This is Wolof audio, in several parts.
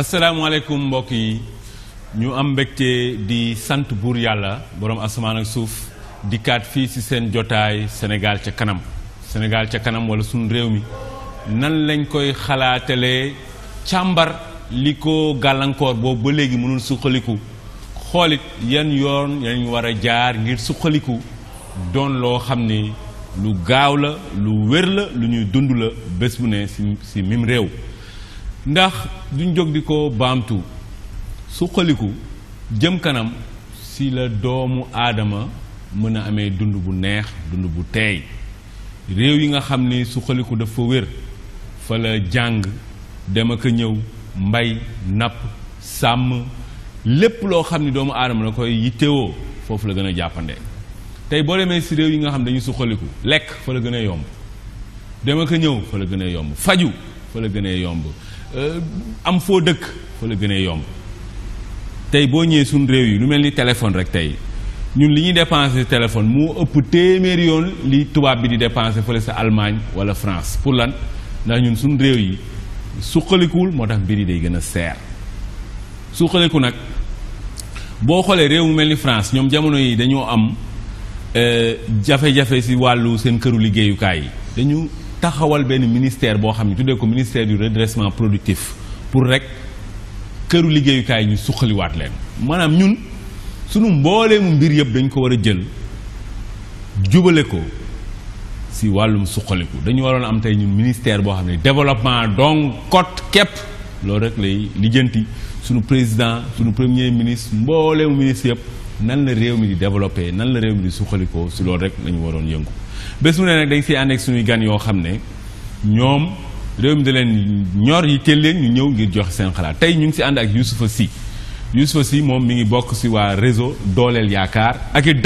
asalaamaaleykum mbokk yi ñu am mbégte di sant buur yàlla borom asamaan ak suuf di fii ci seen jotaay senegaal ca kanam senegaal ca kanam walla suñu réew mi nan lañ koy xalaatalee càmbar li ko gàllankoor boobu ba léegi mënul sukkaliku xoolit yan yoon yañ war a jaar ngir suqaliku doon loo xam ni lu gaaw la lu wér la lu ñuy dund la bés bu ne ci mim réew ndax duñ jóg di ko baamtu suqaliku jëm kanam si la doomu aadama mën a amee dund bu neex dund bu teey réew yi nga xam ni suqaliku dafa wér fa la jàng dem ak ñëw mbay napp sàmm lépp loo xam ni doomu aadama la koy yittewoo foofu la gën a jàppande tey boo demee si réew yi nga xam dañuy suqaliku lekk fa la gën a yomb dem ak ñëw fa la gën a yomb faju fa la gën a yomb Euh, am foo dëkk fa la gën a yomb tey boo ñëwee suñ réew yi lu mel ni téléphone rek tey ñun li ñuy dépenser téléphone moo ëpp téeméeri yoon li tubaab bi di dépenser fële sa Allemagne wala France pour lan ndax ñun suñ réew yi suqalikuwul moo tax mbir yi day gën a seer suqaliku nag boo xoolee réew mu mel ni France ñoom jamono yi dañoo am euh, jafe-jafe si wàllu seen këru liggéeyukaay yi dañu taxawal ben ministère bo xamni tuddé ko ministère du redressement productif pour rek këru kay ñu suqaliwaat leen manam ñun sunu mu mbir yeb dañ ko wara jël ko si sukkali ko dañu waron am tay ñun ministère bo xamni développement donc kot kep lo rek lay lijeenti sunu président sunu premier ministre mu ministre yeb nan la réew mi di développer nan la réew mi di ko si loolu rek lañu waron yëngu bés mu ne nag dañ siy ànd ak suñuy gan yoo xam ne ñoom réew mi da ñor yi teel ñu ñëw ngir joxe seen xalaat tey ñu ngi si ànd ak Youssoufa Sy Youssoufa si moom mi ngi bokk si waa réseau dooleel yaakaar ak it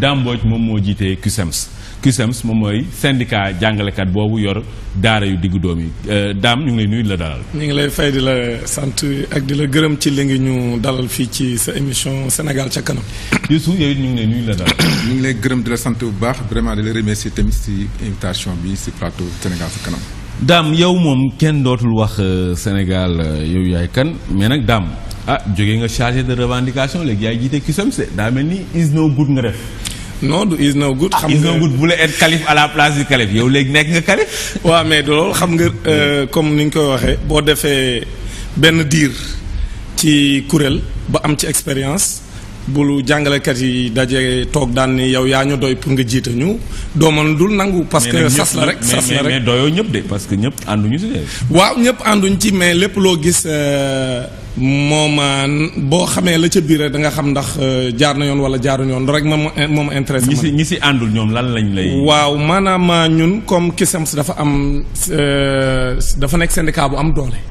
Dame Mbodj moom moo jiitee CUSEMS CUSEMS moom mooy syndicat jàngalekat boobu yor daara yu diggu doom yi euh, daam ñu ngi lay nuyu la dalal. ñu ngi lay fay di la sant ak di la gërëm ci li ngi ñu dalal fii ci sa émission Sénégal ca kanam. Youssou yow ñu ngi lay nuyu la dalal. ñu ngi lay gërëm di sant bu baax vraiment di la remercier tamit si invitation bi si plateau Sénégal kanam. daam yow moom kenn dootul wax euh, Sénégal euh, yow yaay kan mais nag daam ah jóge nga chargé de revendication léegi yaay jiite CUSEMS daa mel ni is no good nga def. non du is no good. Ah, xam nga is no good voulait être calife à la place du calife yow léegi nekk nga calife. waaw mais loolu xam nga euh, comme ni ñu koy waxee boo defee benn diir ci kuréel ba am ci expérience. bulu jàngalekat yi daje toog daan ni yow yaa ñu doy pour nga jiite ñu dooman dul nangu parce que la rek sas la rek mais doyoo ñëpp de parce que ñëpp ànduñu ci waaw ñëpp ànduñ ci mais lépp loo gis euh, moom euh, boo xamee la ca biir rek da nga xam ndax euh, jaar na yoon wala jaaruñ yoon rek moom moom intéressé ñi si ñi si àndul ñoom lan lañ lay waaw maanaam ñun comme CUSEMS dafa am dafa nekk syndicat bu am doole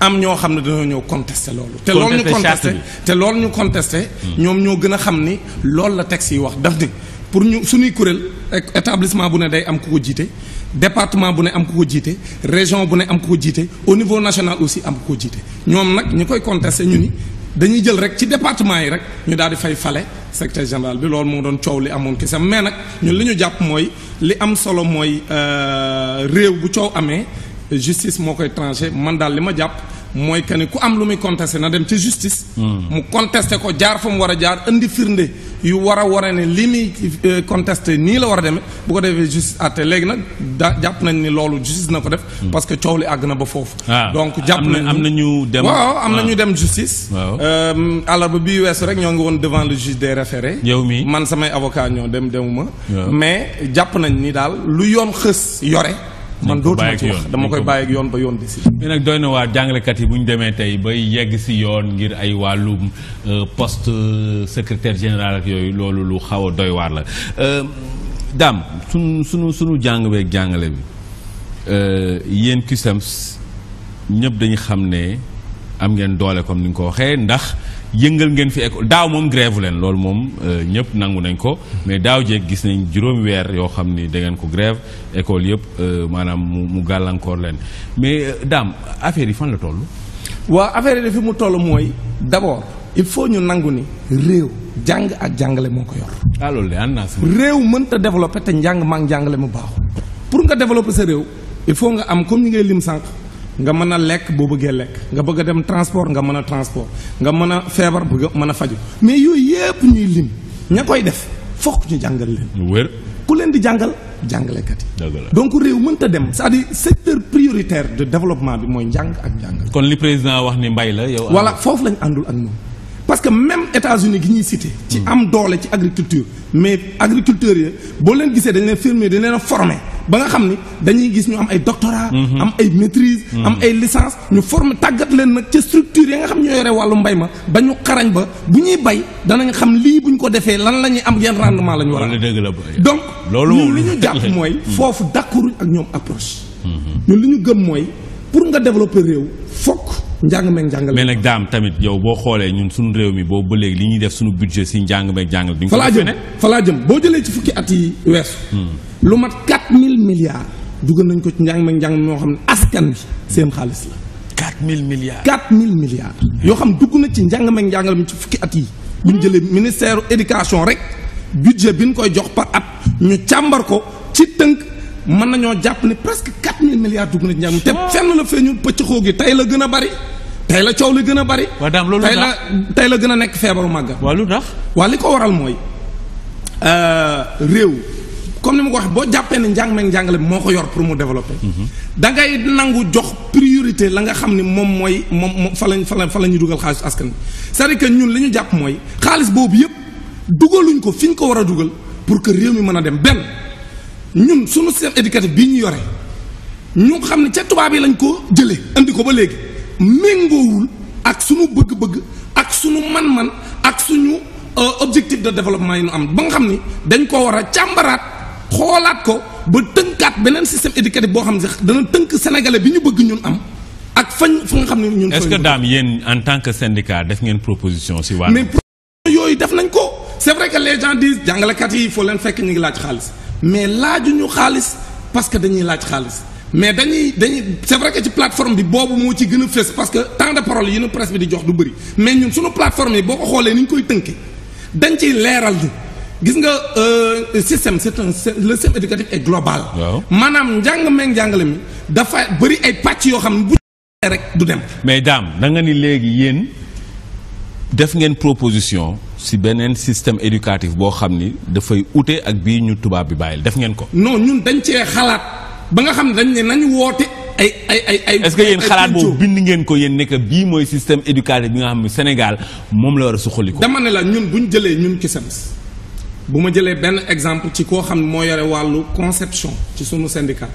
am ñoo xam ne dañoo ñëw contesté loolu. te loolu ñu contesté te loolu ñu contesté. ñoom ñoo gën a xam ni loolu la texte yi wax daf ni pour ñu suñuy kuréel établissement bu ne day am ku ko jiite département bu ne am ku ko jiite région bu ne am ku ko jiite au niveau national aussi am ku ko jiite ñoom nag ñu koy contesté ñu ni dañuy jël rek ci département yi rek ñu daal di fay fale secrétaire général bi loolu moo doon coow li amoon kese mais nag ñun li ñu jàpp mooy li am solo mooy euh, réew bu coow amee justice moo koy tranché man daal li ma jàpp. mooy que ni ku am lu muy contesté na dem ci justice. Hmm. mu contesté ko jaar fa mu war a jaar indi firnde yu war a ware ne li muy euh, contesté nii la war a demee bu ko defee justice àtte léegi nag da jàpp nañ ni loolu justice na ko def. Hmm. parce que coow li àgg na ba foofu. Ah. donc jàpp nañ am na ñu dem waaw am na ah. ñu dem justice. alors euh, ba bii weesu rek ñoo ngi woon devant le juge des référés. yow mii man samay avocat ñoo dem demuma. mais jàpp nañ ni daal lu yoon xës yore. man dootuma ci wax dama koy bàyyi yoon ba yoon di si. mais nag doy na waa jàngalekat yi bu ñu demee tey bay yegg si yoon ngir ay wàllu euh, post euh, secretaire général yooyu loolu lu xaw a doy waar la euh, daam sunu sunu sunu jàng beeg jàngale bi yéen CUSEMS ñëpp dañu xam ne am ngeen doole comme ni nga ko waxee ndax. yëngal ngeen fi école daaw moom grève leen loolu moom euh, ñëpp nangu nañ ko mais daaw jee gis nañ juróom weer yoo xam ni dangeen ko grève école yëpp euh, maanaam mu gàllankoor leen mais euh, daam affaire yi fan la toll. waaw affaire yi fi mu toll mooy d'abord il faut ñu nangu ni réew jàng ak jàngale moo ko yor. ah loolu de ànd naa si. réew mënta développer te njàng maa ngi jàngale mu baaxul pour nga développer sa réew il faut nga am comme ni ngay lim sànq. nga mën a lekk boo bëggee lekk nga bëgg a dem transport nga mën a transport nga mën a feebar bëgg a mën a faju mais yooyu yëpp ñuy lim ña koy def fokk ñu jàngal leen. wér ku leen di jàngal jàngalekat yi. donc réew mënta dem sax à secteur prioritaire de développement bi mooy njàng ak jàngal. kon li président wax ni mbay la yow. voilà foofu lañ àndul ak moom. parce que même États-Unis gi ñuy cité. ci hmm. am doole ci agriculture mais agriculteurs yi boo leen gisee dañ leen firmer dañ leen a former. ba nga xam ni dañuy gis ñu am ay doctorat mhm. am ay maîtrise mhm. am ay licence ñu forme tàggat leen nag ca structure yi nga xam ñoo yore wàllu mbay ma ba ñu xarañ ba bu ñuy bay danañ xam lii buñ ko defee lan la ñuy am yan rendement la ñu war a donc ñun li ñu jàpp mooy mhm. foofu d'accord ak ñoom approche ñun li ñu gëm mooy pour nga développer réew fokk njàng meeg njàngale mais nag daam tamit yow boo xoolee ñun suñu réew mi boobu ba léegi li ñuy def suñu budget si njàng meeg njàngale duñ fa laa jëm fa jëm boo jëlee ci fukki at yi weesu hmm. lu mat 4000 milliards dugal nañ ko ci njàng meeg njàng moo xam ne askan bi seen xaalis la 4000 milliards 4000 milliards yoo xam dugg na ci njàng meeg njàngale mi ci fukki at yi bu ñu jëlee ministère éducation rek budget bi ñu koy jox par at ñu càmbar ko ci tënk mën nañoo jàpp ne presque 4000 milliards dugg na ci njàng mi te fenn la feeñul pëcc xóog yi tey la gën a bari tey la coow li gën a bari. waaw daam loolu tey la tey la gën a nekk feebaru màggal. waaw lu tax waa li ko waral mooy euh, réew comme ni mu ko waxee boo jàppee ne njàng meeg njàngale bi moo ko yor pour mu développer. Mhm. da ngay nangu jox priorité la nga xam ne moom mooy moom moom fa lañ fa la la ñuy dugal xaalis askan bi que ñun li ñu jàpp mooy xaalis boobu yëpp dugaluñ ko fi ñu ko war a dugal pour que réew mi mën a dem benn. ñun suñu système éducatif bi ñu yore ñu xam ne ca tubaab yi lañ ko jëlee indi ko ba léegi méngoowul ak suñu bëgg-bëgg ak suñu man-man ak suñu euh, objectif de développement yi ñu am ba nga xam ni dañ ko war a càmbaraat xoolaat ko ba tënkaat beneen système éducatif boo xam ne sax dana tënk sénégalais bi ñu bëgg ñun am ak fañ fu nga xam ni ñun. est daam yéen en tant que syndicat def ngeen proposition si wàllu. mais proposition yooyu def nañ ko c'est vrai que les ñu ngi laaj xaalis. mais laajuñu xaalis parce que dañuy laaj xaalis mais dañuy dañuy c'est vrai que ci plateforme bi boobu moo ci gën a fës parce que temps de parole yi ñu presse bi di jox du bëri mais ñun suñu plateforme yi boo ko xoolee ni ñu koy tënkee dañ ciy leeral ni gis nga euh, système c'est un le système éducatif est global. maanaam njàng meeg njàngale mi dafa bëri ay pàcc yoo xam ne bu rek du dem. mais daam da nga ni léegi yéen def ngeen proposition. si beneen système éducatif boo xam ni dafay ute ak bii ñu tubaab bi bàyyil def ngeen ko. non ñun dañ cee xalaat ba nga xam ne dañ ne nañu woote. ay ay ay ay est-ce xalaat boobu bind ngeen ko yéen nekk bii mooy système éducatif bi nga xam ne Sénégal moom la war a suqali ko. dama ne la ñun bu ñu jëlee ñun CUSEMS bu ma jëlee benn exemple ci koo xam ne moo yore wàllu conception ci sunu syndicat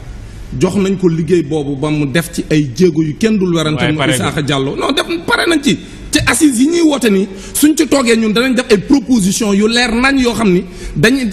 jox nañ ko liggéey boobu ba mu def ci ay jéego yu kenn dul werante mu Isaaxa Jàllo non def pare nañ ci. assises yi ñuy woote ni suñ ci toogee ñun danañ def ay propositions yu leer nañ yoo xam ni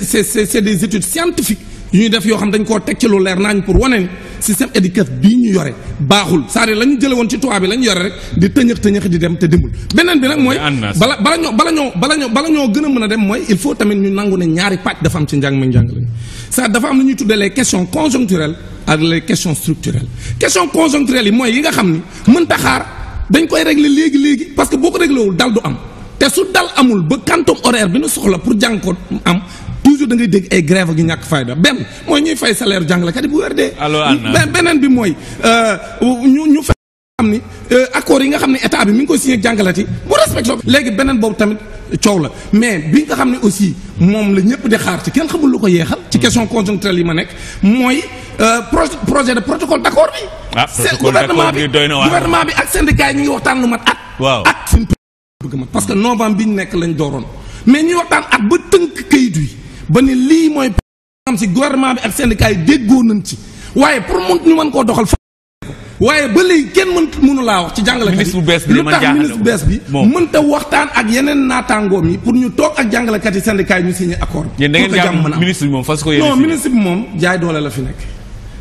c'est c'est des études scientifiques yu ñuy def yoo xam dañ koo teg ci lu leer nañ pour wane ni système éducatif bii ñu yore baaxul c'est-à-dire la ñu ci tubaab bi lañu ñu yore rek di tëñëx di dem te dimbul beneen bi nag mooy bala bala ñoo bala ñoo bala ñoo bala ñoo gën a mën a dem mooy il faut tamit ñu nangu ne ñaari pàcc dafa am ci njàng mi njàng lañu ça dafa am lu ñuy tuddee les questions conjoncturelles ak les questions structurelles questions conjoncturelles yi mooy yi nga xam ni mënta xaar dañ koy régler léegi léegi parce que boo ko réglé wul dal du am te su dal amul ba quantum horaire bi nu soxla pour jàng ko am toujours da ngay dégg ay grève ak ñàkk fayda benn mooy ñuy fay salaire jàngalekat yi bu weer beneen bi mooy euh, ñu ñu fa xam ni euh, accords yi nga xam ne état bi mi ngi koy signé ak jàngalekat yi bu respecté léegi beneen boobu tamit. coow la mais bi nga xam ne aussi moom la ñëpp di xaar ci kenn xamul lu ko yeexal. ci hmm. question conjoncturelle yi ma nekk mooy euh, projet de protocole d' accord bi. ah d' bi ak syndicat yi ñu ngi waxtaan lu mat at. waaw at suñu bëgg parce que novembre bi ñu nekk lañ dooroon mais ñuy waxtaan at ba tënk kayit yi ba ni lii mooy. si gouvernement bi ak syndicat yi déggoo nañ ci waaye pour mun ñu mën koo doxal. waaye ba léegi kenn mën mënu laa wax ci jàngalekat yi lu tax ministre bu bees bi mënta waxtaan ak yeneen naataangoom yi pour ñu toog ak jàngalekat yi syndicat yi ñu signé accord bi ministre bi moom fas ko non ministre bi jaay doole la fi nekk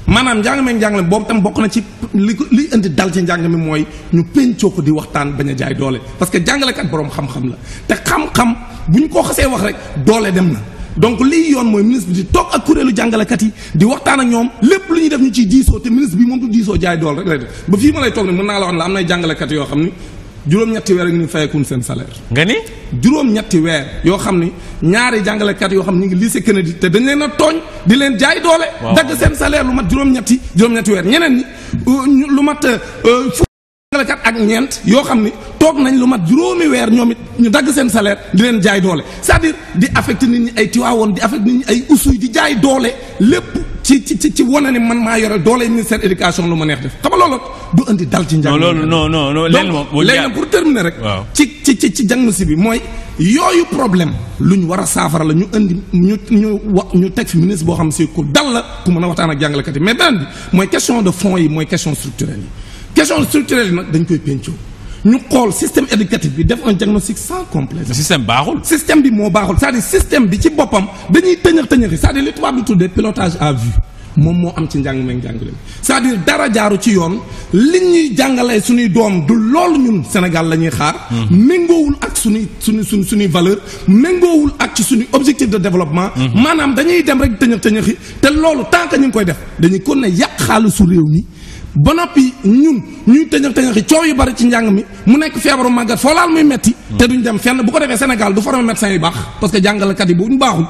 maanaam njàng meeg njàngale boobu tam bokk na ci li li indi dal ci njàng mi mooy ñu péncoo ko di waxtaan bañ a jaay doole parce que jàngalekat boroom xam-xam la te xam-xam bu ñu ko xasee wax rek doole dem na donc lii yoon mooy ministre bi di toog ak kuréelu jàngalekat yi di waxtaan ak ñoom lépp lu ñuy def ñu ciy diisoo te ministre bi moom du diisoo jaay dool rek lay def ba fii ma lay toog ne mën naa la wax ne am nay jàngalekat yoo xam ni juróom-ñetti weer a ngi ni seen salaire nga ni juróom-ñetti yoo xam ni ñaari jàngalekat yoo xam ni ñu ngi lycée Kennedy te dañ leen a tooñ di leen jaay doole dagg seen salaire lu mat juróom-ñetti juróom-ñetti weer ñeneen ñi euh, lu mat euh, jàngalekat ak ñeent yoo xam ni toog nañ lu mat juróomi weer ñoom it ñu dagg seen salaire di leen jaay doole c'est-à-dire di affecté nit ñi ay Tiwaawoon di affecté nit ñi ay usuy di jaay doole lépp ci ci ci wane ne man maa yore doole ministère éducation lu ma neex def xam nga loolu du indi dal ci njàng loolu non non non léegi nag rek ci ci ci si bi mooy yooyu problème lu ñu war a saafara ñu indi ñu ñu wa ñu teg fi ministre boo xam si dal la ku mën a waxtaan yi mais mooy question de fonds yi mooy question structurelle yi question structurelle yi nag dañ koy pencoo ñu xool système éducatif bi def un diagnostic sans complet système baaxul. système bi moo baaxul c'est-à-dire système bi ci boppam dañuy tëñëx tëñëxi c'est-à-dire li tubaab de tuddee pilotage à vue moom moo am ci njàng meeg njàngale c'est-à-dire dara jaaru ci yoon li ñuy jàngale suñuy doom du lool ñun Sénégal lañuy ñuy xaar. Mm-hmm. méngoowul ak suñuy suñu suñuy valeur méngoowul ak ci suñu objectif de développement. Mm-hmm. maanaam dañuy dem rek tëñëx tëñëxi te loolu tant que ñu ngi koy def dañuy kon ne yàq xaalisu réew mi. ba noppi ñun ñuy tëñëx tëñëxi coow yu bari ci njàng mi mu nekk feebaru màggat foo laal muy metti te duñ dem fenn bu ko defee Sénégal du former médecin yu baax parce que jàngalekat yi bu ñu baaxul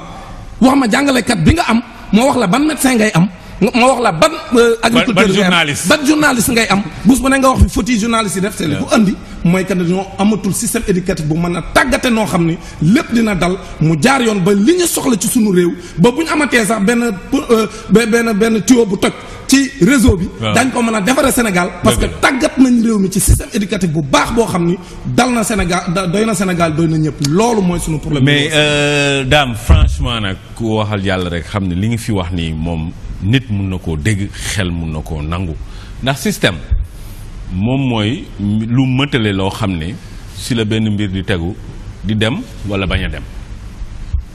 wax ma jàngalekat bi nga am moo wax la ban médecin ngay am ma wax la ban. Euh, agriculteur ban journaliste ban journaliste ngay am. bés bu ne nga wax fi fauti journaliste yi def te li ko andi mooy que dañoo amatul système éducatif bu mën a tàggate noo xam ni lépp dina dal mu jaar yoon ba li ñu soxla ci sunu réew ba bu ñu amatee sax benn euh, benn benn tuyau bu toj. ci réseau bi. dañ ko mën a defaree Sénégal. parce que tàggat nañ réew mi ci système éducatif bu baax boo xam ni dal na Sénégal doy na Sénégal doy na ñëpp loolu mooy sunu problème. mais euh, daam franchement nag ku waxal yàlla rek xam ne li nga fi wax nii moom. nit mun na koo dégg xel mun na koo nangu ndax système moom mooy lu mëtale loo xam ne si la benn mbir di tegu di dem wala bañ a dem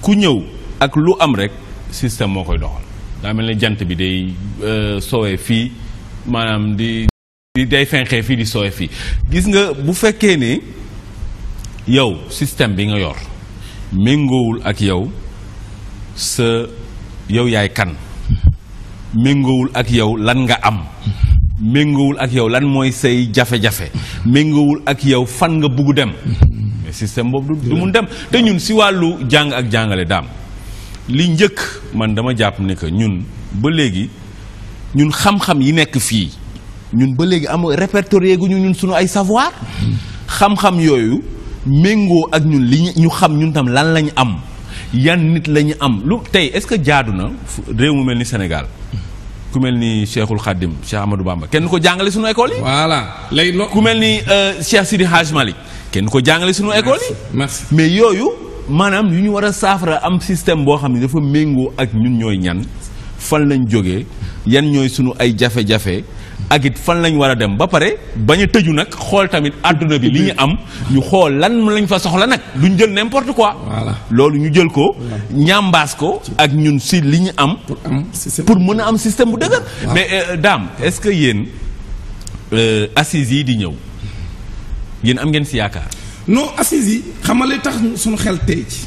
ku ñëw ak lu am rek système moo koy doxal daa mel ne jant bi day euh, sowee fii maanaam di day fenqee fii di sowee fii gis nga bu fekkee ne yow système bi nga yor méngoowul ak yow sa yow yaay kan méngoowul ak yow lan nga am méngoowul ak yow lan mooy say jafe-jafe méngoowul ak yow fan nga bugg dem mais système boobu du mun dem te ñun si wàllu jàng ak jàngale daam li njëkk man dama jàpp ne que ñun ba léegi ñun xam yi nekk fii ñun ba léegi am répertorié gu ñu ñun suñu ay savoir xam-xam yooyu méngoo ak ñun li ñu xam ñun tam lan lañ am yan nit la am lu tey est-ce que jaadu na réew mu mel ni Sénégal ku mel ni Cheikhul Khadim Cheikh Amadou Bamba kenn ko jàngale sunu école yi. voilà léegi ku mel ni euh, Cheikh Sidi Hadj Malick kenn ko jàngale sunu école mais yooyu maanaam yu ñu war a saafara am système boo xam ne dafa méngoo ak ñun ñooy ñan fan lañ jóge yan ñooy sunu ay jafe-jafe. ak it fan lañ war a dem ba pare bañ a tëju nag xool tamit àdduna bi li ñu am ñu xool lan lañ fa soxla nag duñ jël n'importe quoi. loolu ñu jël ko. ñambaas ko ak ñun si li ñu am. pour mun a am système bu dëgër. mais euh, daam est-ce que yéen euh, assises yi di ñëw yéen am ngeen si yaakaar. non assises yi xamal tax suñu xel tey ci.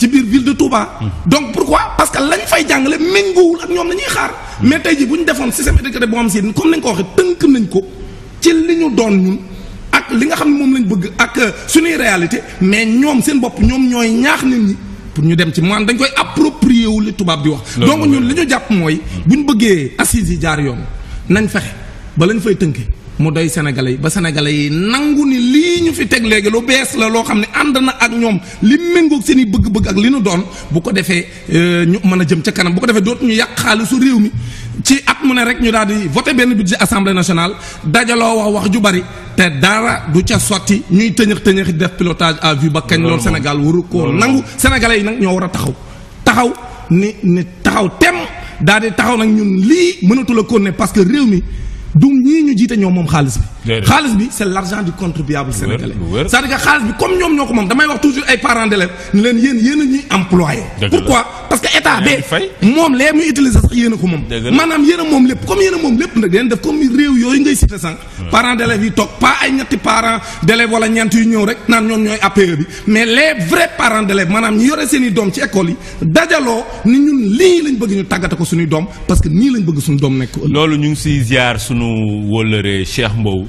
ci biir ville de Touba. donc pourquoi parce que lañ fay jàngale mengoowul ak ñoom lañuy xaar. mais tey jii bu ñu defoon système éducatif boo xam si comme nañ ko waxee tënk nañ ko ci li ñu doon ñun. ak li nga xam ne moom lañ bëgg ak euh, suñuy réalité mais ñoom seen bopp ñoom ñooy ñaax nit ñi pour ñu dem ci maanaam dañ koy approprier wu li tubaab bi wax. donc ñun li ñu jàpp mooy. bu ñu bëggee assises yi jaar yoon nañ fexe ba lañ fay tënkee. mu doy sénégalais ba sénégalais yi nangu ni li ñu fi teg légui lu bees la lo xamni and na ak ñom li méngoog ak i bëgg-bëgg ak li ñu doon bu ko défé euh, ñu mëna jëm ci kanam bu ko défé doot ñu yàq xaalisu réew mi ci at mu ne rek ñu daal di voter benn budget assemblée nationale dajalo wax wax ju bari té dara du ca soti ñuy tëñëx tëñëx def pilotage à vue ba kañ lool sénégal waru ko nangu sénégalais yi ñoo wara taxaw taxaw ni ni taxaw tem daal di taxaw nak ñun li mënatu la konné parce que réew mi du ñii ñu jiite ñoom moom xaalis bi xaalis bi c' est l' argent du contribuable sénégalais c'est-à-dire que xaalis bi comme ñoom ñoo ko moom damay wax toujours ay parents d'élèves ni leen yéen yéen a ñuy employé pourquoi parce que état de moom lee muy utiliser sax yéen a ko moom maanaam yéen a moom lépp comme yéen a moom lépp nag yéen def comme réew yooyu ngay cité sànq parents d'élèves yi toog pas ay ñetti parents d'élèves wala ñeent yu ñëw rek naan ñoom ñooy APE bi mais les vrais parents d'élèves maanaam ñu yore seen i doom ci école yi dajaloo ni ñun lii lañ bëgg ñu tàggate ko suñuy doom parce que nii lañ bëgg suñu doom nekk loolu ñu ngi siy ziar suñu wólëree Cheikh Mbow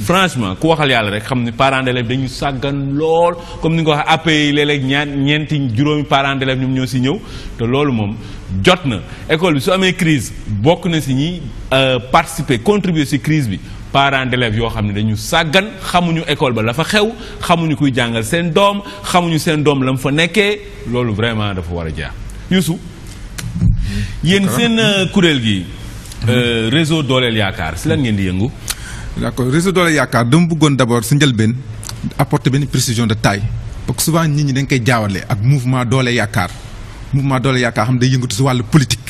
franchement ku waxal yàlla rek xam ne parents bi dañu sàggan lool comme ni nga ko waxee APE yi léeg ñeenti juróomi parents d'élèves ñoom si ñëw te loolu moom jot na école bi su amee crise bokk na si ñi euh, participer contribuer si crise bi parents yoo xam ne dañu sàggan xamuñu école ba la fa xew xamuñu kuy jàngal seen doom xamuñu seen doom la mu fa nekkee loolu vraiment dafa war a jaar Youssou yéen seen euh, kuréel gi euh, réseau dooleel yaakaar si lan ngeen di yëngu D'accord. réseau Doole Yaakaar dama d'abord d' Apporte si apporter une précision de taille parce que souvent nit ñi dañ koy jaawale ak mouvement Doole mouvement Doole Yaakaar xam day yëngatu si le politique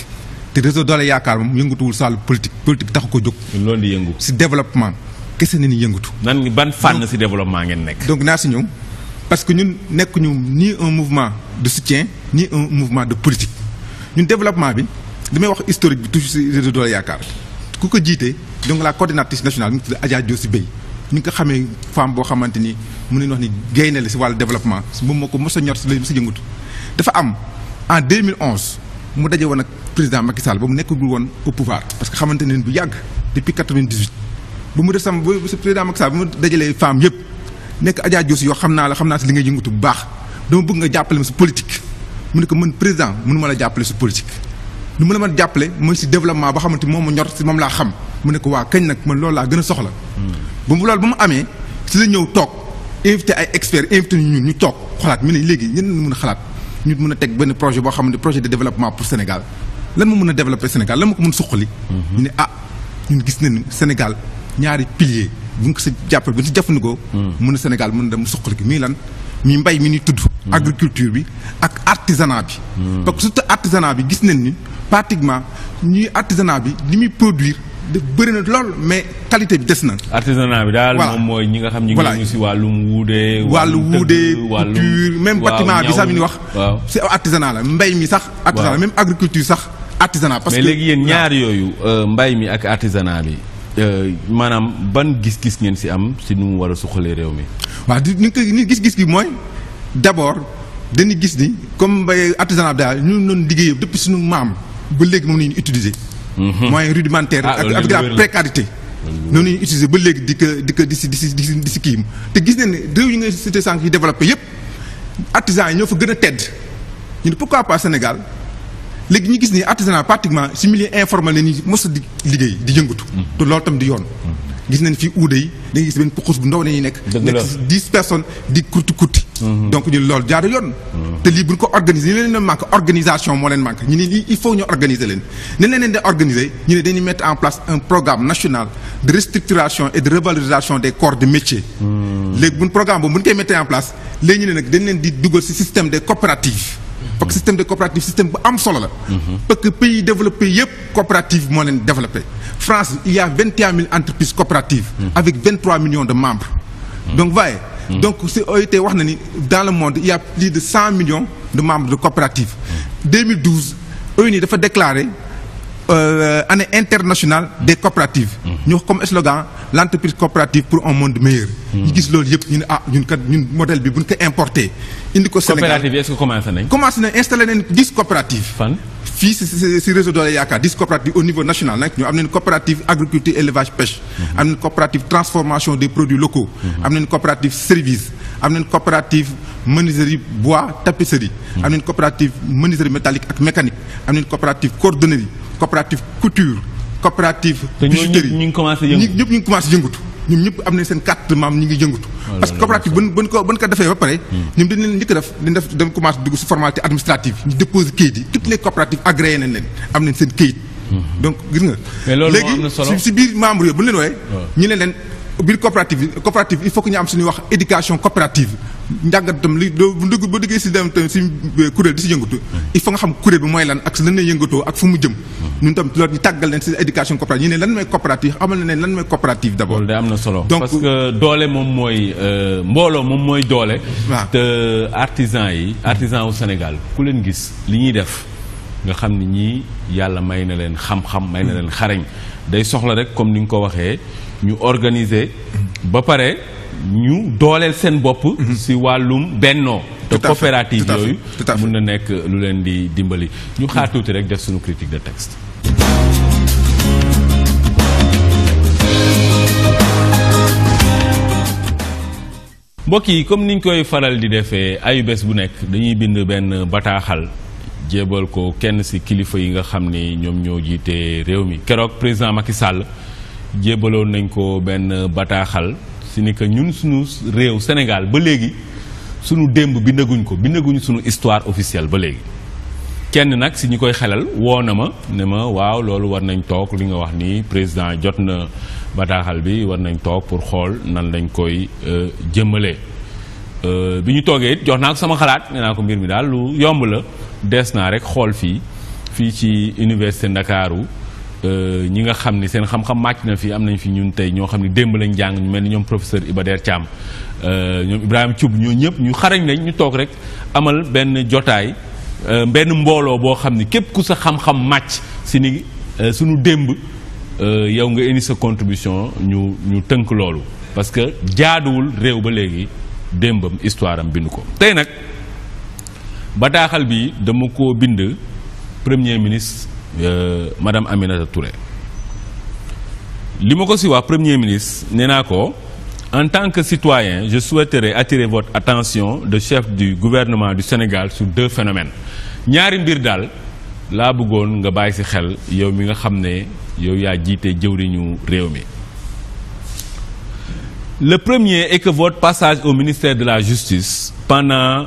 Le réseau Doole Yakar, moom yëngatuwul si le politique politique taxu ko jóg. loolu yëngu si développement kese na ni yëngatu. nan ban fànn si développement ngeen donc nous, parce que ñun n'avons ni un mouvement de soutien ni un mouvement de politique ñun développement bi vais may wax historique bi réseau Doole Yakar. ku ko jiite donc la coordinatrice nationale mu ngi tudd Adja Diossi Bey ngi ko xamee fem boo xamante ni mu nañu wax ni gaynde la si wàll développement moom moo ko mos a ñor si la mos a yëngatu. dafa am mu daje woon ak président Macky Sall ba mu nekkagul woon au pouvoir parce que xamante ne bu yàgg depuis 98 ba mu def sama ba président Macky Sall ba mu dajalee femme yëpp nekk Adja yoo xam naa la xam naa si li ngay yëngatu bu baax dama bëgg nga jàppale ma si politique mu ne ko mën président mënuma la jàppale si politique. Nous la si développement ba ñor si la xam mu ne ko waa kañ nag a soxla. mu mu avez si experts avez ñu ñu Nous, ben projet projet de développement pour Sénégal lan nous développer Sénégal lan ko mën mhm. ne ah ñun gis nañu Sénégal ñaari piliers bu ko ñu mhm. a Sénégal mën dem suqali mi mbay mi ni tudd. Hmm. agriculture bi ak artisanat bi. parce hmm. que surtout artisanat bi gis nañ ni pratiquement ñuy artisanat bi li muy produire. de bëri na lool mais qualité bi des na. artisanat bi daal moom mooy ñi nga xam ñu ngi si wàllum wuude. wàllu wuude couture même bâtiment bi sax mi ñu wax. waaw si artisanat la mbay mi sax. artisanat même agriculture sax artisanat. parce que léegi yéen ñaar yooyu euh, mbay mi ak artisanat bi. Euh, manam ban gis-gis ngeen ci am ci nu wara war a suqalee mi. waaw ni gis-gis bi moy d'abord dañuy gis ni comme artisanat daal ñu non liggéey depuis suñu mam ba léegi moom ñu utiliser. Mhm. moyens rudimentaire ah, ak ak la précarité. noonu ñu utiliser ba léegi di ko di ko di di di si kii te gis nañ ne réew yi nga cité sànq yi développé yëpp artisans yi ñoo fa gën a tedd ñu pourquoi pas Sénégal léegi ñu gis ni artisanat pratiquement si milieu informel ni ñuy mos di liggéey di yëngatu. Mm. te loolu tam di yoon. Mm. gis nañ fi uude yi da ngay gis benn puxus bu ndaw la ñuy nekk. nekk si personnes di kurti kurti. Mm-hmm. donc ñun loolu jaadu yoon. Mm-hmm. te lii bu ñu ko organiser li leen doon manqué organisation moo leen manqué ñu ne lii il faut ñu organiser leen. ne leen leen di organiser ñu ne dañuy mettre en place un programme national de restructuration et de revalorisation des corps de métier. Mm. léegi buñ programme boobu bu ñu koy mettre en place léegi ñu ne nag dañ leen di dugal si système des coopératives parce que système de coopérative système de am solo que parce que pays développé yëpp coopérative moins développé. France il y a 21 000 entreprises coopératives. avec 23 millions de membres. donc vous donc c'est OIT dans le monde il y a plus de 100 millions de membres de coopératives. 2012 ONU a déclaré euh, année internationale des coopératives. Nous, mhm. avons comme slogan l'entreprise coopérative pour un monde meilleur. Mhm. ñu gis loolu que ah, nous modèle bi est ko importé. indi ko coopérative est-ce que vous nañ. installé nañ coopératives. fan c'est le réseau de l'IACA. 10 coopératives au niveau national Nous avons une coopérative agriculture élevage pêche. Mhm. am une coopérative transformation des produits locaux. am une coopérative service. am une coopérative menuiserie bois tapisserie. am une coopérative menuiserie métallique et mécanique. am une coopérative coordonnerie. coopérative couture coopérative bijouterie ñi ngi commencé yëngu ñëpp ñu ngi commencé yëngutu ñun ñëpp am nañ seen carte maam ñu ngi yëngutu oh parce que coopérative ban ban ko ban ko defee ba pare ñun dañ leen njëkk def dañ def dañ commencé dugg si formalité administrative ñu déposé kayit yi toutes les coopératives agréé nañ leen am nañ seen kayit hmm. donc gis nga léegi si biir membre yooyu bu ñu leen wooyee ñu ne leen biir coopérative coopérative il faut que ñu am suñuy wax éducation coopérative njàngat tam li dugg bu diggé ci dem tam si euh, kuréel di si yëngatu hmm. il faut nga xam kuréel bi moy lan ak lan lay yëngatoo ak fu mu jëm hmm. ñun tam loolu ñu taggal leen ci éducation coopérative ñu né lan moy coopérative xamal na né lan moy coopérative d'abord loolu de solo donc parce que doolé mom moy euh, mbolo mom moy doolé waaw te artisan yi artisan au Sénégal ku leen gis li ñi def nga xam ni ñi yalla may na leen xam-xam may na leen xarañ day soxla rek comme ni nga ko waxé ñu organiser ba pare ñu dooleel seen bopp si wàllum bennoo te coopérative yooyu mun na nekk lu leen di dimbali ñu xaar tuuti rek def suñu critique de texte mbokk yi comme niñ koy faral di defee ayu bés bu nekk dañuy bind benn bataaxal jébal ko kenn ci kilifa yi nga xam ni ñoom ñoo jiitee réew mi keroog président Macky sàll jébbaloon nañ ko benn bataaxal si ni que ñun suñu réew Sénégal ba léegi sunu démb bindaguñ ko bindaguñ sunu histoire officielle ba léegi kenn nag si ñi koy xelal woo na ma ne ma waaw loolu war nañ toog li nga wax ni président jot na bataaxal bi war nañ toog pour xool nan lañ koy euh, jëmmalee euh, bi ñu toogee it jox naa ko sama xalaat nee naa ko mbir mi daal lu yomb la dees naa rek xool fii fii ci université Ndakaaru Euh, ñi nga xam ni seen xam-xam màcc na fii am nañ fi ñun tey ñoo xam ni démb lañ jàng ñu mel ni ñoom professeur Iba Der euh, ñoom Ibrahima Thioub ñoo ñëpp ñu xarañ lañ ñu toog rek amal benn jotaay euh, benn mbooloo boo xam ni képp ku sa xam-xam màcc si suñu démb yow nga indi sa contribution ñu ñu tënk loolu parce que jaaduwul réew ba léegi démbam histoire am bind ko tey nag bataaxal bi dama ko bind premier ministre Euh, madame Aminata Touré Limokosiwa premier ministre Nenako, en tant que citoyen je souhaiterais attirer votre attention de chef du gouvernement du Sénégal sur deux phénomènes nga xel yow mi le premier est que votre passage au ministère de la justice pendant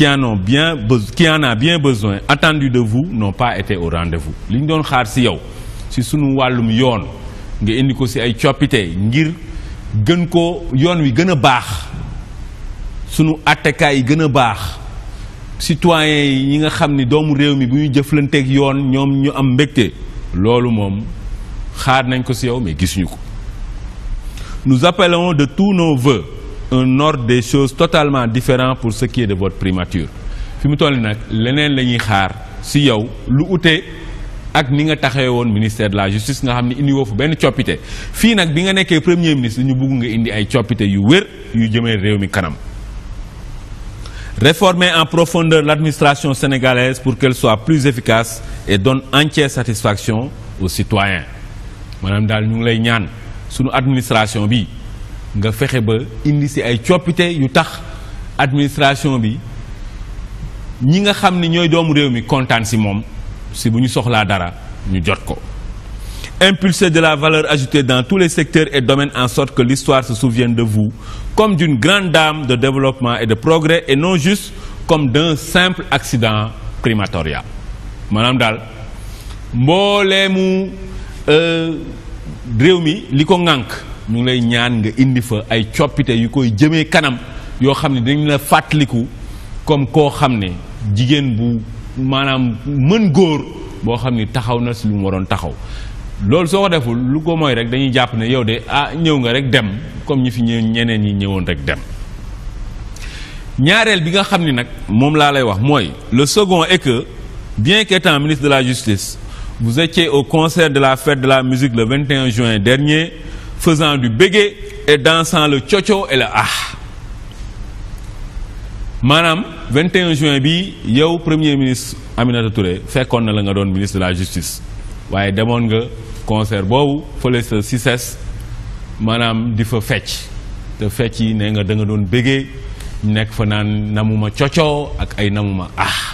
qui en, ont bien, qui en a bien besoin attendu de vous n'ont pas été au rendez-vous li ñu doon xaar si yow si sunu walum yoon nga indi ko si ay coppite ngir gën ko yoon wi gëna bax sunu attekaay yi gën a citoyens yi nga xamni doomu réew mi bu ñu jëflanteeg yoon ñom ñu am mbégte lolu mom xaar nañ ko si yow mais gisuñu ko nous appelons de tous nos vœux un ordre des choses totalement différent pour ce qui est de votre primature fi vous toll nag leneen la xaar si yow lu ute ak ni nga taxé woon ministère de la justice nga xamni ne indi woo fu benn coppite fii bi nga nekkee premier ministre ñu bugg nga indi ay chopité yu wër yu jamais réew mi kanam réformer en profondeur l'administration sénégalaise pour qu'elle soit plus efficace et donne entière satisfaction aux citoyens madame Dal ñu sous lay ñaan suñu administration bi nga fexé ba indi de ay chopité yu tax administration bi ñi nga xamni ñoy nous doomu mi si moom fait. bu dara ñu jot ko impulser de la valeur ajoutée dans tous les secteurs et domaines en sorte que l'histoire se souvienne de vous comme d'une grande dame de développement et de progrès et non juste comme d'un simple accident primatorial Madame Dal, mbooleemu euh rewmi liko ngank ñu ngi lay ñaan nga indi fa ay coppite yu koy kanam yo xam ne dañ la fàttaliku comme ko xam ne jigéen bu manam mën góor boo xam ni taxaw na si lu mu waroon taxaw ko deful lu rek dañuy jàpp ne yow de ah ñëw nga rek dem comme ñi fi ñëw ñeneen ñi ñëwoon rek dem ñaareel bi nga xam ni nag moom lay wax le second est que bien qu'étant ministre de la justice vous étiez au concert de la fête de la musique le 21 juin dernier faisant du bégué et dansant le coco et le ah Madame, 21 juin bi yow premier ministre Aminata Touré fait qu'on la nga ministre de la justice waaye demandé nga concert boobu fële ce Madame, maanaam di fa fecc te fecc yi ne nga da nga il béggee nekk fa naan namuma et ak ay namuma ah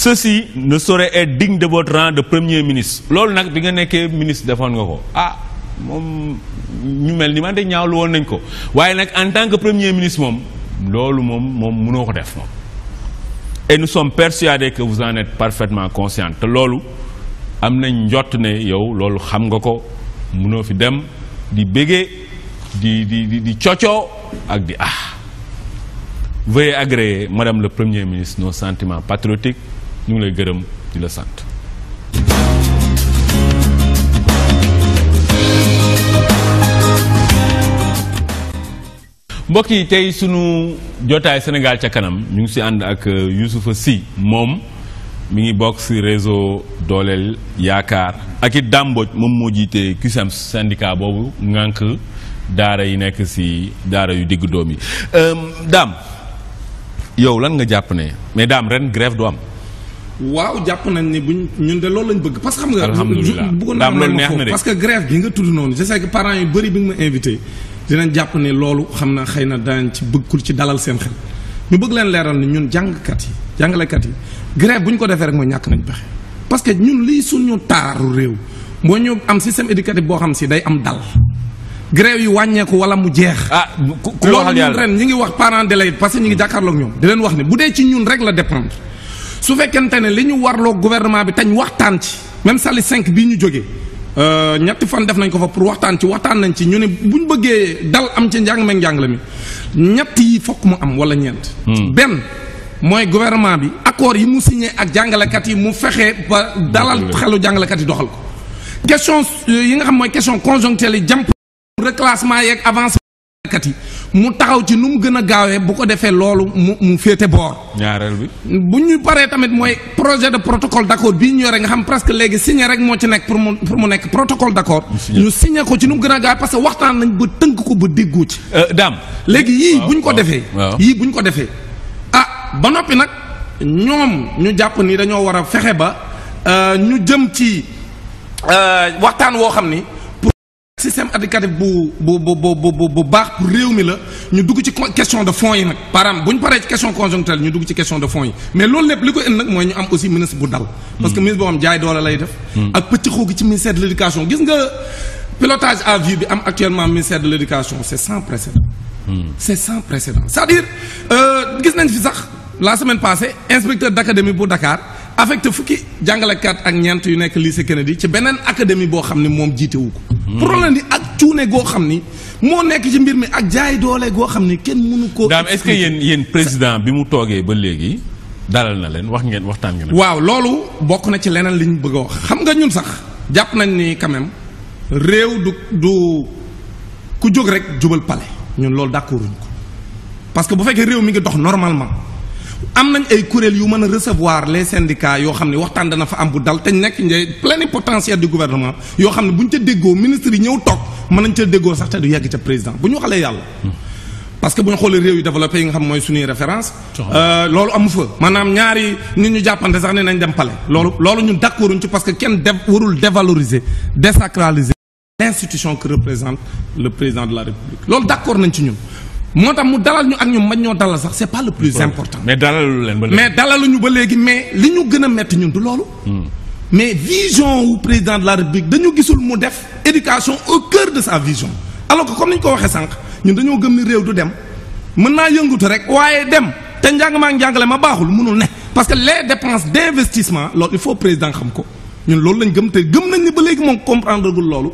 ceci ne saurait être digne de votre rang de premier ministre Lol nak bi nga que ministre de nga ko ah je ñu mel ni man vous ñaawlu won nañ ko en tant que premier ministre mom lolou mom mom mëno ko def et nous sommes persuadés que vous en êtes parfaitement conscient te lolou am nañ njott ne yow lolou xam nga ko vous fi dem di bégee di di di di ak di ah veuillez agréer madame le premier ministre nos sentiments patriotiques ñu ngi lay gërëm di sant. mbokk yi tey sunu jotaay Sénégal ca kanam ñu ngi si ànd ak euh, Youssoufa si moom mi ngi bokk si réseau dooleel yaakaar ak it dàmbooj moom moo jiite CUSEMS syndicat boobu ngànk daara yi nekk si daara yu digg doom yi euh, daam yow lan nga jàpp ne mais daam ren grève du am waaw jàpp nañ ne buñ ñun de loolu lañ bëgg parce que xam nga. alhamdulilah bëggoon naa ma foofu parce que grève bi nga tudd noonu je sais yu bëri bi nga invité dinañ jàpp ne loolu xam na xëy na danañ ci bëggul ci dalal seen xel ñu bëgg leen leeral ni ñun jàngkat yi jàngalekat yi grève bu ñu ko defee rek mooy ñàkk nañ pexe parce que ñun lii suñu taaru réew boo ñu am système éducatif boo xam si day am dal grève yi wàññeeku wala mu jeex. ah ku loolu ñun ren ñu ngi wax parents d'élèves parce que ne bu dee ci ñun rek la dépendre su fekkente ne li ñu warloo gouvernement bi tañ waxtaan ci même sali 5 bii ñu jógee euh, ñetti fan def nañ ko fa pour waxtaan ci waxtaan nañ ci ñu ne bu ñu bëggee dal am ci njàng meeg njàng mi ñett yi fokk mu am wala ñeent. Hmm. benn mooy gouvernement bi accord yi mu signé ak jàngalekat yi mu fexe ba dalal xelu jàngalekat yi doxal ko question euh, yi nga xam mooy question conjoncturelle yi jàmp kat yi mu taxaw ci nu mu gën a gaawee bu ko defee loolu mu mu féete boor ñaareel bi bu ñu paree tamit mooy projet de protocole d'accord bii ñu yore nga xam presque léegi signé rek moo ci nekk pour mu pour mu nekk protocole d'accord ñu signé ko ci nu mu gën a gaawee parce que waxtaan nañ ba tënk ko ba déggoo ci euh, daam léegi yii buñ ko defee yii buñ ko defee ah ba noppi nag ñoom ñu jàpp ni dañoo war a fexe ba euh, ñu jëm ci euh, waxtaan woo xam ni système adéquat bu bu pour question de fonds nous question conjoncturelle de mais ministre parce que hmm. ministre hmm. ministère de l'éducation pilotage ministère de l'éducation c'est sans précédent hmm. c'est sans précédent c'est-à-dire euh, la semaine passée inspecteur d'académie pour Dakar te fukki kat ak ñeent yu nek lycée Kennedy ci benen académie bo xamni mom jité jiitewu ko. Hmm. problème di ak tuné go xamni mo nek ci mbir mi ak jaay doole go xamni kenn mënu ko daam est-ce que yeen yeen président bi mu togué ba légui dalal na len wax ngeen waxtan ngeen. waaw lolu bokku na ci leneen liñ bëgg a wax xam nga ñun sax japp nañ ni quand même rew du du ku jog rek jubal palais ñun loolu ñu ko parce que bu fekké rew mi ngi dox normalement. am ay kuréel yu meuna recevoir les syndicats yo xam waxtan dana fa am bu dal te nekk plein potentiel du gouvernement yo xam ne bu déggo ministre yi tok toog mën nañ ca déggoo sax té du yegg ci président bu ñu yalla parce que bu xolé réew yu développé yi nga xam moy suñuy référence lolu euh, amu fa manam ñaari nit ñu jàppante sax né nañ dem pale lolu lolu ñun d'accorduñ ci parce que ken def warul dévaloriser désacraliser l'institution que représente le président de la république lolu d'accord nañ ci ñun moi, ta mu dalal ñu ak ñu mañ ñoo sax c'est pas le plus important. mais dalalu leen ba léegi mais dalaluñu ba léegi mais li ñu gën a metti ñun du loolu. Hmm. mais vision ou président de la république dañu gisul mu def éducation au cœur de sa vision alors que comme nous ñu ko waxee sànq ñun dañoo gëm ni réew du dem mën naa yëngutu rek waaye dem te njàng maa njàngale ma baaxul mënul ne parce que les dépenses d'investissement il faut président xam ko ñun loolu lañ gëm te gëm nañ ne ba léegi moom comprendre gul loolu.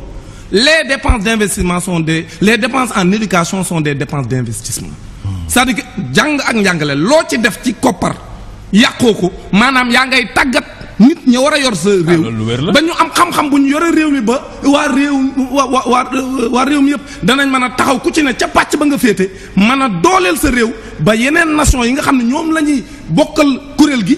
Les dépenses d'investissement sont des les dépenses en éducation sont des dépenses d'investissement c'est-à-dire que jàng ak njàngale lo ci def ci copar, yakoko, ko maanaam yaa ngay tàggat nit ñi wara yor sa réew ah, ba ñu am xam-xam bu ñu yore réew mi ba wa réew wa wa réew mi yëpp danañ mën a taxaw ku ci ne ca pàcc ba nga fété mëna a dooleel sa réew ba yeneen nation yi nga xam ne ñoom la ñuy bokkal gi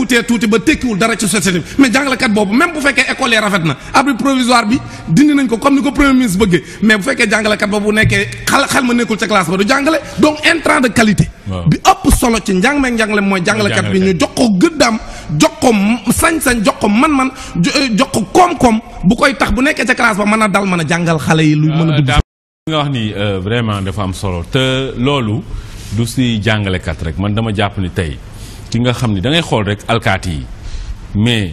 tuutee tuuti ba tekkiwul dara ci société bi mais jàngalekat boobu même bu fekkee école yi rafet na abri provisoire bi dindi nañ ko comme ni ko premier ministre bëggee mais bu fekkee jàngalekat boobu bu nekkee xal xel ma nekkul ca classe ba du jàngale donc intrant de qualité. bi ëpp solo ci njàng meeg njàngale mooy jàngalekat bi ñu jox ko gëddaam jox ko sañ-sañ jox ko man-man jox ko koom-koom bu koy tax bu nekkee ca classe ba mën a dal mën a jàngal xale yi. lu mën a dugg nga wax ni vraiment dafa am solo te loolu du si jàngalekat rek man dama jàpp ni tey ci nga xam ni da ngay xool rek alkaati yi mais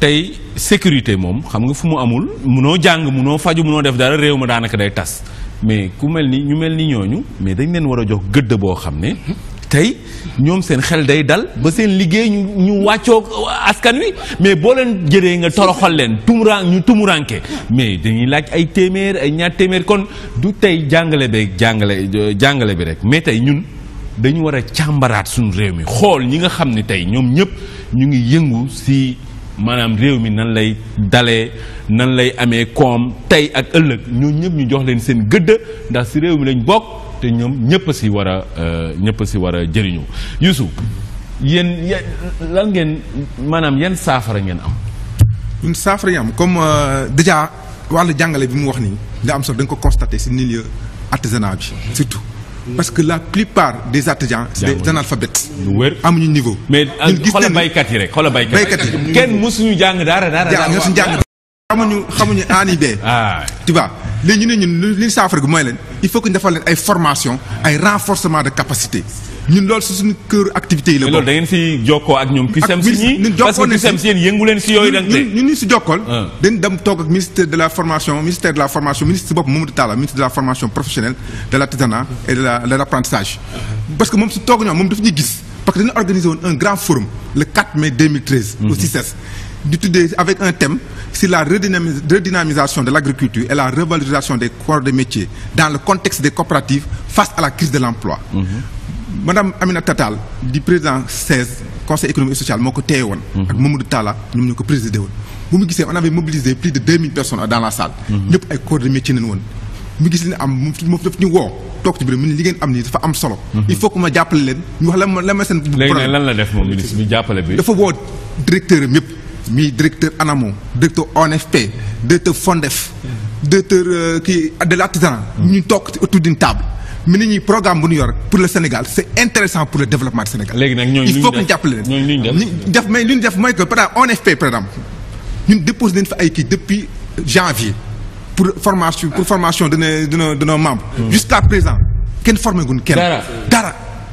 tey sécurité moom xam nga fu mu amul munoo jàng munoo faju munoo def dara réew ma daanaka day tas mais ku mel ni ñu mel ni ñooñu mais dañ leen war a jox gëdd boo xam ne tey ñoom seen xel day dal ba seen liggéey ñu ñu wàccoog askan wi mais boo leen jëlee nga toroxal leen tumuraan ñu mais dañuy laaj ay téeméer ay ñaar téeméer kon du tey jàngale beeg jàngale jàngale bi rek mais tey ñun dañu war a càmbaraat suñu réew mi xool ñi nga xam ne tey ñoom ñëpp ñu ngi yëngu si maanaam réew mi nan lay dalee nan lay amee koom tey ak ëllëg ñoo ñëpp ñu jox leen seen gëdd ndax si réew mi lañ bokk te ñoom ñëpp si war euh, a ñëpp si war a jëriñu Youssou yéen lan ngeen maanaam yan saafara ngeen am. ñun saafara yi am comme euh, déjà wàllu jàngale bi mu wax nii li am solo dañ ko constaté si milieu artisanat bi surtout. parce que la plupart des artisans c'est des analphabètes. ñu wër niveau. mais euh, xoolal baykat yi rek xoolal baykat yi. kenn mësuñu jàng dara dara xamuñu xamuñu aan yi dee. Ah. tu vois léegi ñu ne ñun li saafara gi mooy leen il faut que ñu defal leen ay formation ay renforcement de capacités. ñun loolu si suñu kër activité yi la. loolu da ngeen si jokkoo ak ñoom. ak ministre ñun jokkoo nañ si parce que yéen yëngu leen si yooyu. ñun ñu si jokkool. Ah. dañ dem toog ak ministre de la formation ministère de la formation ministre Bob bopp Mamadou Talla ministre de la formation professionnelle de l'artisanat et de la de l'apprentissage. parce que moom si toog ñoom moom daf ñuy gis parce que dañu organiser un grand forum le 4 mai 2013. au mhm. CICES avec un thème c'est la redynamisation de l'agriculture et la revalorisation des corps de métier dans le contexte des coopératives face à la crise de l'emploi mm-hmm. madame amina tatal du président 16 conseil économique et social moko mm-hmm. ak Mamadou on avait mobilisé plus de 2000 personnes dans la salle le mm-hmm. corps de métier nous. il faut que mi directeur ANAMO directeur ONFP directeur FONDEF directeur euh, de l'artisanat nous toog autour d'une table nous avons un programme pour le Sénégal c'est intéressant pour le développement du Sénégal il faut que ñu appelions. mais nous avons que ONFP depuis janvier pour formation formation de nos membres hmm. jusqu'à présent Quelle formé dara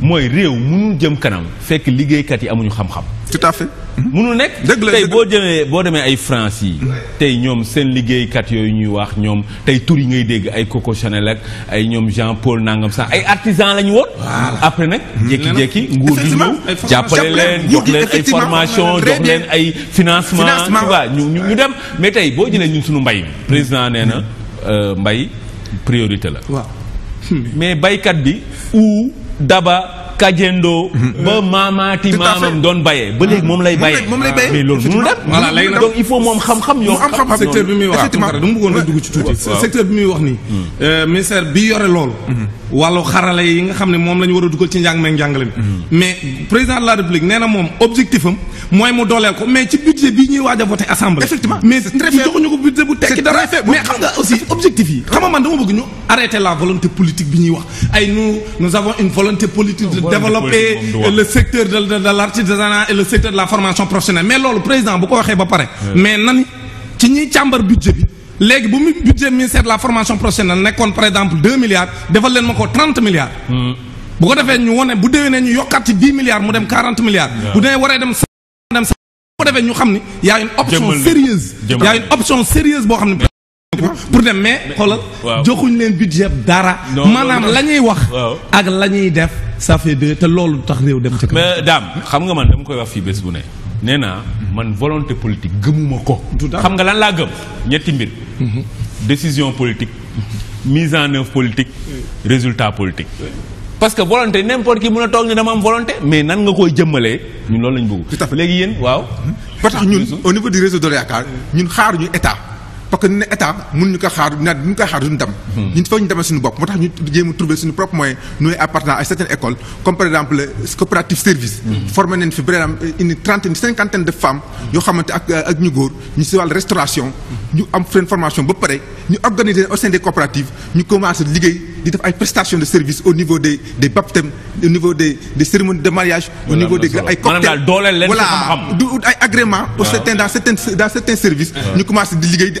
mooy réew mënul jëm kanam fekk liggéeykat yi amuñu xam-xam. tout à fait. mënul mm-hmm. nekk tey boo jëmee boo demee ay France yi. tey ñoom seen liggéeykat yooyu ñuy wax ñoom tey tur yi ngay dégg ay Coco Chanel ak ay ñoom Jean Paul Nangam sax ay artisans la ñu woon. après nag. Mm-hmm. jékki-jékki nguur gi ñëw jàppale leen jox leen ay formation jox leen ay financement tu vois ñu ñu dem mais tey boo jëlee ñun suñu mbay mi président nee na mm-hmm. euh, mbay priorité la. waaw mais baykat bi ou. daba kajendo mhm. ba maamaati mamam don baye ba leg mom mhm. lay baye mais loolu mënul dem voilà léegi nag donc il faut mom xam-xam yoo xam secteur bi mi wax effectivement dama bëggoon dugg ci tuuti secteur bi mi wax ni hmm. euh ministère bi yoré lolou hmm. wàllu xarala yi nga xam mom lañu wara ñu ci njàng meeg jangale hmm. mais président de la république néna mom moom moy mu dooleel ko mais ci budget bi ñi waaj voter assemblée effectivement mais joxuñu ko budget bu tekki dara mais xam nga aussi objectif yi xam nga man dama bëgg ñu arrêter la volonté politique bi ñi wax ay nous nous avons une volonté politique développer le secteur de, l'artisanat et le secteur de la formation professionnelle. Mais le président, il ne de pas parler. Mais nani, tu n'y chamber budget. Le budget ministère de la formation professionnelle est par exemple 2 milliards, devant les 30 milliards. Si vous avez 10 milliards, vous 40 milliards. Vous avez 50 milliards, vous avez 100 milliards. Il y a une option sérieuse. Il y a une option sérieuse pour dem mais xoolal joxuñ leen budget dara maanaam la ñuy wax ak la ñuy def ça fait deux te loolu tax réew dem ca mais daam xam nga man dama koy wax fii bés bu ne nee man volonté politique gëmuma ko xam nga lan laa gëm ñetti mbir mhm. décision politique mise en œuvre politique résultat politique parce que volonté n'importe qui mën a toog ni dama am volonté mais nan nga koy jëmmalee ñun loolu lañ bëgg léegi yéen waaw mhm. ba tax ñun au niveau du réseau de Yaakaar ñun xaar ñu parce que l'État, état nous ko xaar ko hmm. trouver suñu propre moyen nous appartenant à certaines écoles comme par exemple coopératif service hmm. formé nañ fi une trentaine une cinquantaine de femmes nous avons ak euh, ak ñu nous ñu fait une restauration ñu am formation ba avons ñu organiser au sein des coopératives ñu commencé à di def ay prestations de service au niveau des des baptêmes au niveau des des cérémonies de mariage au niveau des ay voilà du agrément pour certains dans certains dans certains services ñu commencé di liggéey di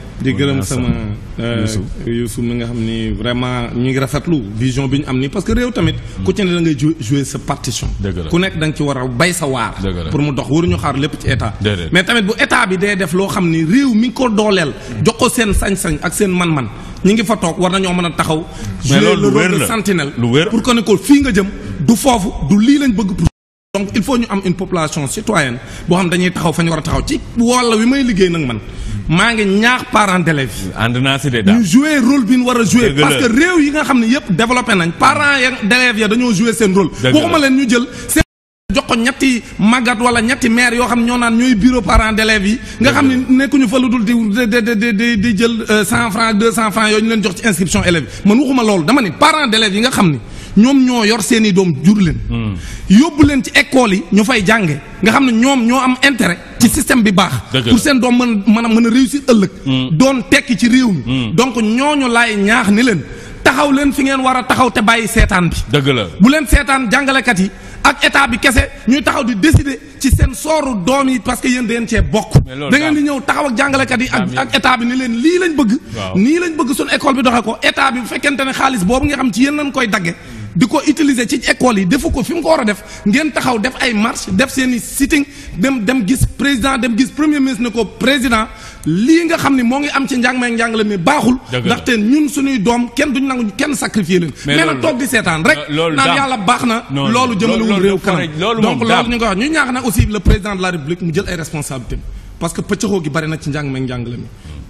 di gërëm sama euh, Youssou mi nga xamni vraiment ñi ngi rafetlu vision bi amni parce que rew tamit ku ci ne da nga jouer sa partition ku nek dang ci wara bay sa war pour mu dox waru ñu xaar lepp ci état mais tamit bu état bi day def lo xamni rew mi ko dolel jox ko seen sañ-sañ ak sen man-man ñi ngi fa tok war nañu mëna a taxaw jouer le rôle de sentinelle pour que ne ko fi nga jëm du fofu du li lañ bëgg donc il faut ñu am une population citoyenne bo xam dañuy taxaw fañ wara taxaw ci wala wi may liggéey nak man mangi ngi ñaax parents d'élèves yi. ànd naa si de ñu jouer rôle bi ñu war jouer. parce que rew yi nga xamné yépp développer nañ parents d'élèves ya dañoo jouer seen rôle. waxuma leen ñu jël seen. jox ko ñetti magat wala ñetti maire yo xam ñoo naan ñoy bureau parents d'élèves yi. nga xam ne nekkuñu fa luddul dul di di di di jël 100 euh, francs 200 francs yo ñu leen jox ci inscription élèves man waxuma lool dama ni parents d'élèves yi nga xam ñoom ñoo yor seen i doom jur leen. Hmm. yóbbu leen ci école yi ñu fay jànge nga xam ne ñoom ñoo am intérêt. ci hmm. système bi baax. pour seen doom mën a mën a mën a réussir ëllëg. Hmm. doon tekki ci réew mi. donc ñooñu laay ñaax ni leen. taxaw leen fi ngeen war a taxaw te bàyyi seetaan bi. la bu leen seetaan jàngalekat yi ak état bi kese ñuy taxaw di décider ci seen sooru doom yi parce que yéen da ngeen cee bokk. da ngeen di ñëw taxaw ak jàngalekat yi ak ak état bi ni leen lii lañ bëgg. nii lañ bëgg suñu école bi doxee ko état bi bu ne xaalis boobu nga ci yéen lañ koy dagge di ko utiliser ci école yi defu ko fi mu ko war a def ngeen taxaw def ay marche def seen i sitting dem dem gis président dem gis premier ministre ne ko président lii nga xam ni moo ngi am ci njàng may njàngale mi baaxul. ndaxte ñun suñuy doom kenn duñ nangu kenn sacrifier leen. mais nag toog di seetaan rek. naan yàlla baax na. loolu jëmalewul réew kanam donc loolu ñu ko wax ñu ñaax nag aussi le président de la république mu jël ay responsabilités parce que pëccëxoo gi bari na ci njàng may njàngale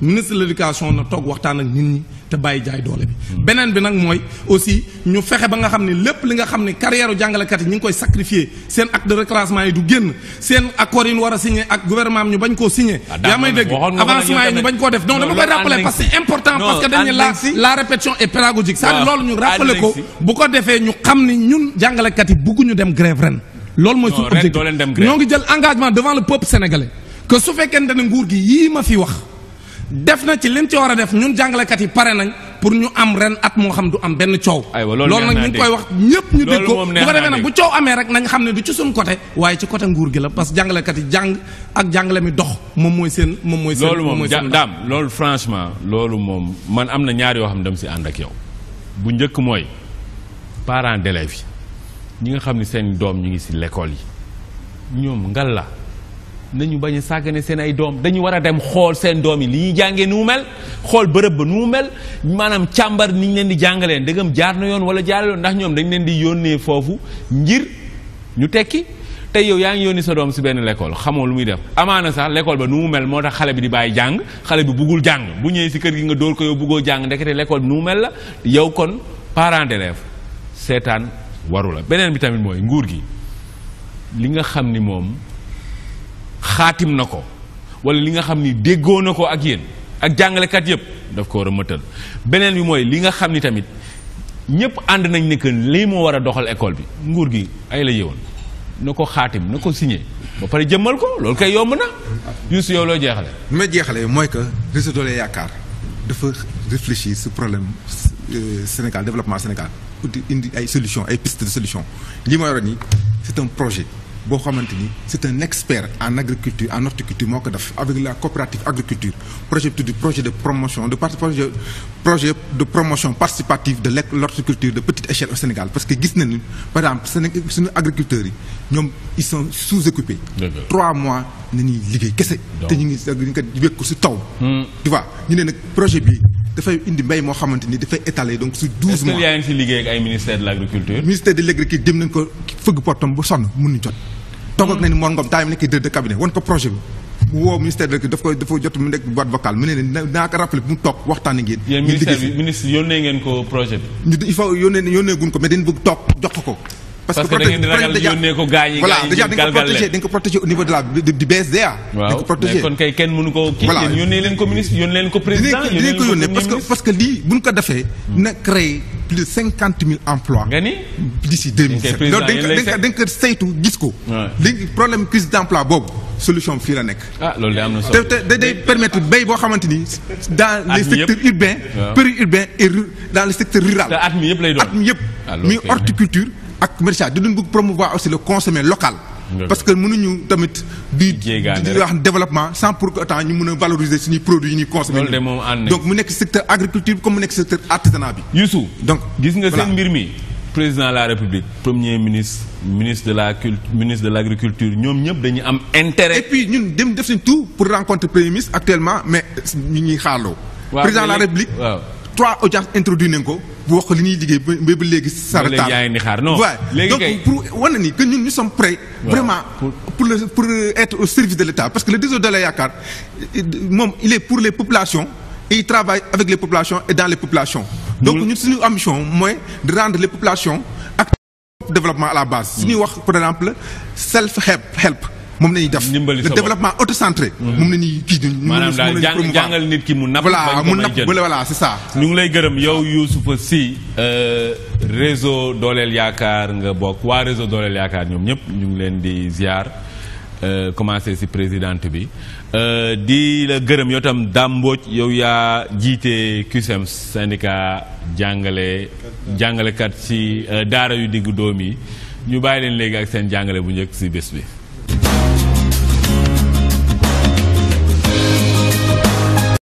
ministre de l'éducation na tok waxtan ak nit ñi te baye jaay doole bi benen bi nak moy aussi ñu fexé ba nga xam lepp li nga xam ne carrière jàngalekat yi ñu koy sacrifier sen acte de reclassement yi du génn sen accord yi wara signé ak gouvernement ñu bañ ah, ko signé ya may dégg avancement yi ñu bañ ko def donc dama koy rappeler parce que c'est important parce que dañu la la répétition est pédagogique ça à ñu rappeler ko bu ko défé ñu xamni ñun jangale kat yi ñu dem grève ren loolu moy suñu objectif ñongi jël engagement devant le peuple sénégalais que su fekkene ne nguur gi yi ma fi wax def na ci liñ ci war a def ñun jàngalekat yi pare nañ pour ñu am ren at moo xam du am benn coow. loolu nag ñu ngi koy wax ñëpp ñu dégg ko bu ko defee nag bu coow amee rek nañ xam ne du ci suñ côté waaye ci côté nguur gi la parce que jàngalekat yi jàng ak jàngale mi dox moom mooy seen moom mooy seen loolu moom daam loolu franchement loolu moom man am na ñaar yoo xam ne dama si ànd ak yow bu njëkk mooy parent d'élèves yi ñi nga xam ni seen doom ñu ngi si l'école yi ñoom ngal la nañu bañ a sàggane seen ay doom dañu war a dem xool seen doom yi li ñuy jàngee nu mu mel xool bërëb ba nu mu mel maanaam càmbar ni ñu leen di jàngalee ndegam jaar na yoon wala jaar yoon ndax ñoom dañu leen di yónnee foofu ngir ñu tekki tey yow yaa ngi yónni sa doom si benn l'école xamoo lu muy def amaana sax l'école ba nu mu mel moo tax xale bi di bàyyi jàng xale bi buggul jàng bu ñëwee si kër gi nga dóor ko yow buggoo jàng ndekete l'école bi nu yow kon parent seetaan waru beneen bi tamit mooy nguur gi li nga xam ni moom khatim nako wala li nga xamni deggo nako na ak jangale daf ko tamit and nañ ne que mo wara doxal école bi nguur gi ay la yewon nako khatim nako signé ba jëmmal ko kay yom na yow réfléchir sur problème euh, Sénégal développement Sénégal indi ay solution ay piste de solution li c'est un projet boo c'est un expert en agriculture en horticulture avec la coopérative agriculture projet bi projet de promotion de projet projet de promotion participative de l'horticulture de petite échelle au Sénégal parce que gis nañu par exemple Sénégal agriculteurs ils sont sous-occupés trois mois nous liggéey kese te ñu ngi ñu ko wékk ko taw hmm. tu vois ñu avons nag projet bi dafay indi mbay moo xamante ni fait étaler donc sur douze mois est-ce qu'il y a si ligue avec le ministère de l'agriculture ministère de l'agriculture dem nañ ko fëgg portam ba sonn mënuñu jot toggoog nañu Mor Ngom taay mu nekk directeur cabinet wan ko projet bi. bu woo daf koy dafa jot mu nekk boîte vocale mu ne ne naa bu mu toog waxtaan ngeen. ngeen ministre yónnee ngeen ko projet bi. il faut yónnee yónnee ko mais dañ bëgg jox ko. parce, que da ngeen di ragal ko gañi yi voilà déjà dañ ko protégé dañ ko au niveau de la du BSDA. dañ ko protégé kon kay kenn mënu ko kii voilà len ko ministre yónnee len ko président yónnee ko yónnee parce que parce que lii buñ ko défé hmm. na créé plus de 50 000 emplois. nga d'ici 2007. Donc sept loolu dañ ko saytu gis ko. problème crise d'emploi bob. solution fi la nek ah loolu de am na solo te day permettre bay bo xamanteni dans les secteurs urbains. périurbains et dans le secteur rural. at mi yëpp lay doon at mi yëpp. Ah, mi horticulture ak marchand di promouvoir aussi le consommer local. parce que mënuñu tamit di. di wax développement sans pour autant ñu mën valoriser suñu produits yi consommé. donc mu nekk secteur agriculture comme mu nekk secteur artisanat bi. Youssou donc gis nga seen mbir mi. président de la république premier ministre ministre de la culture ministre de l'agriculture ñom ñep ñëpp am intérêt. et puis ñun dem def tout pour rencontrer premier ministre actuellement mais ñi ngi président de la république. trois audiences introduit nañ ko donc pour nous sommes prêts. vraiment pour pour euh, être au service de l'État parce que le désordre de la euh, il est pour les populations et il travaille avec les populations et dans les populations. donc nous sommes une mission de rendre les populations acteurs développement à la base. Si nous par exemple self help help. moom la ñuy def le développement autocentré mm-hmm. moom la ñuy kii maanaam daal jàng jàngal nit ki mu napp voilà mu napp voilà c'est ça ñu ngi lay gërëm yow Youssoufa Sy euh, réseau dooleel yaakaar nga bokk waa réseau dooleel yaakaar ñoom ñëpp ñu ngi leen di ziar euh, commencé ci présidente bi euh, di la gërëm yow tam Dame Mbodj yow yaa jiite CUSEMS syndicat jàngale jàngalekat ci daara yu diggu doom yi ñu bàyyi leen léegi ak seen jàngale bu njëkk ci bés bi